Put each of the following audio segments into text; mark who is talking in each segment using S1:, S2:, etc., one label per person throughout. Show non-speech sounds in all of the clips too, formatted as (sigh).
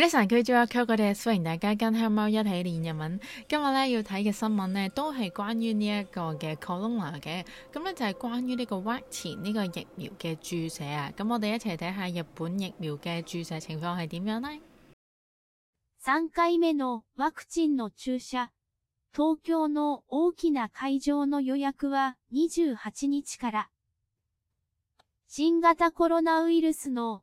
S1: 皆さんこんにちは，我哋歡迎大家跟香貓一齊練日文。今日咧要睇嘅新聞咧，都係關於呢一個嘅コロナ嘅。咁咧就係關於呢個ワクチン呢個疫苗嘅注射啊。咁我
S2: 哋一齊睇下日本疫苗嘅注射情況係點樣咧。三回目のワクチンの注射。東京の大きな會場の予約は二十八日から新型コロナウイルスの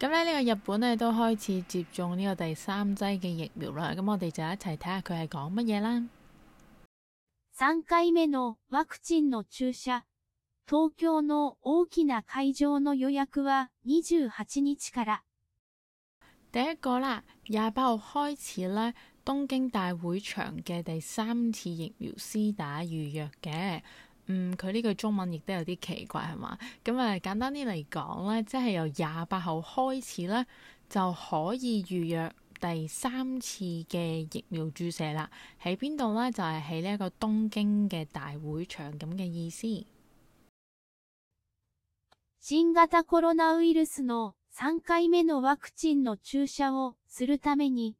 S2: 咁
S1: 咧，呢個日本咧都開始接種呢個第三劑嘅疫苗啦。咁我哋就一齊睇下佢係
S2: 講乜嘢啦。三回目のワクチンの注射、東京の大きな會場の予約は二十八日から。第一個啦，廿八號開始咧，東京大會
S1: 場嘅第三次疫苗施打預約嘅。嗯，佢呢句中文亦都有啲奇怪，係嘛？咁、嗯、啊，簡單啲嚟講咧，即係由廿八號開始咧，就可以預約第三次嘅疫苗注射啦。喺邊度咧？就係喺呢一個東京嘅大會場，咁嘅意思。
S2: 新型コロナウイルスの三回目のワクチンの注射をするために。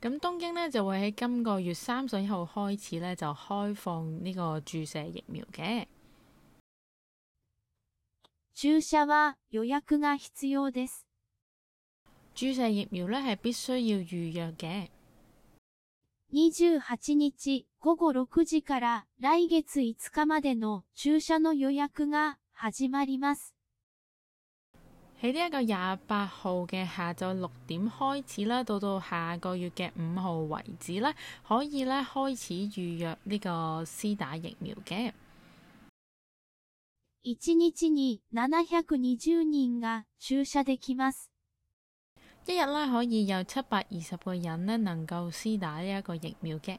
S2: 咁東京呢就會喺今個月三
S1: 十號開始呢、就開放呢個注射疫苗嘅。
S2: 注射は予約が必要です。注射疫苗呢係必須要預約嘅。28日午後6時から來月5日までの注射の予約が始まります。喺呢一個廿八號嘅下
S1: 晝六點開始啦，到到下個月嘅五號為止咧，可以咧
S2: 開始預約呢個施打疫苗嘅。一日に七百二十人が注射できます。
S1: 一日咧可以有七百二十個人呢能夠施打呢一個疫苗嘅。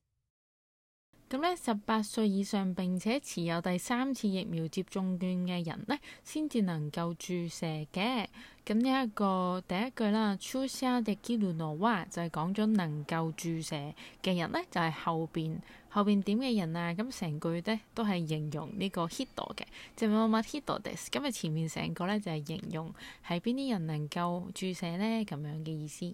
S1: 咁咧，十八歲以上並且持有第三次疫苗接種券嘅人咧，先至能夠注射嘅。咁呢一個第一句啦 chuusha dekiru no wa 就係講咗能夠注射嘅人咧，就係、是、後邊後邊點嘅人啊。咁成句咧都係形容個個呢個 hito 嘅，就係乜乜 hito desu。咁啊，前面成個咧就係形容喺邊啲人能夠注射咧咁樣嘅意思。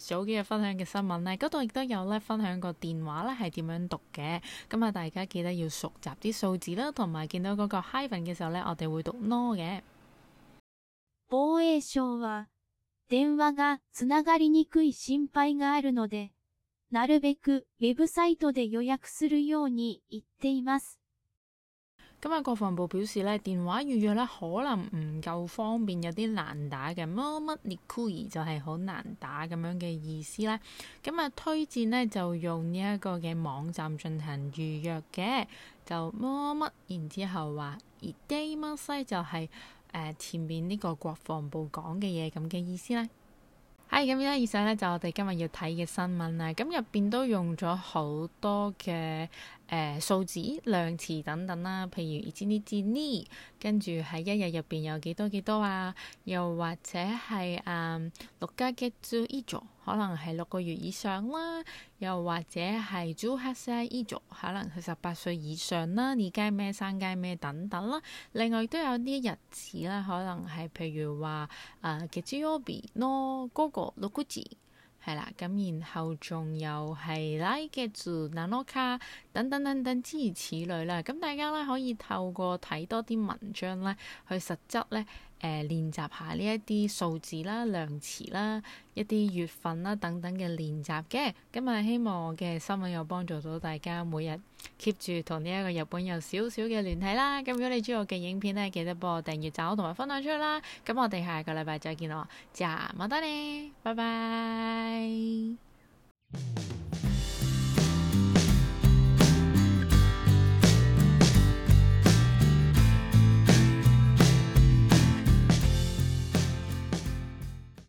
S1: 早幾日分享嘅新聞咧，嗰度亦都有咧分享過電話咧係點樣讀嘅，咁啊大家記得要熟習啲數字啦，同埋見到嗰個 hyphen 嘅時候咧，我哋會讀 no 嘅。
S2: 防衛省は電話がつながりにくい心配があるので、なるべくウェブサイトで予約するように言っています。
S1: 今日國防部表示咧，電話預約咧可能唔夠方便，有啲難打嘅。mo 乜 nikuri 就係、是、好難打咁樣嘅意思咧。咁、嗯、啊，推薦咧就用呢一個嘅網站進行預約嘅。就 mo 乜、嗯、然之後話，day 乜西就係、是、誒前面呢個國防部講嘅嘢咁嘅意思咧。係咁樣呢，以上咧就我哋今日要睇嘅新聞啦。咁入邊都用咗好多嘅。誒、呃、數字量詞等等啦，譬如 t w e 跟住喺一日入邊有幾多幾多少啊？又或者係誒、嗯、六ヶ月以上可能係六個月以上啦。又或者係十八歳以上可能係十八歲以上啦。二加咩三加咩等等啦。另外都有啲日子啦，可能係譬如話誒月曜日の午後六時。係啦，咁然後仲有係 like 嘅 zunanoka 等等等等，諸如此類啦。咁大家咧可以透過睇多啲文章咧，去實質咧。誒、呃、練習下呢一啲數字啦、量詞啦、一啲月份啦等等嘅練習嘅，咁咪希望我嘅新聞有幫助到大家每日 keep 住同呢一個日本有少少嘅聯繫啦。咁如果你中意我嘅影片呢，記得幫我訂閱、讚同埋分享出去啦。咁我哋下個禮拜再見咯，就咁拜拜。 (noise)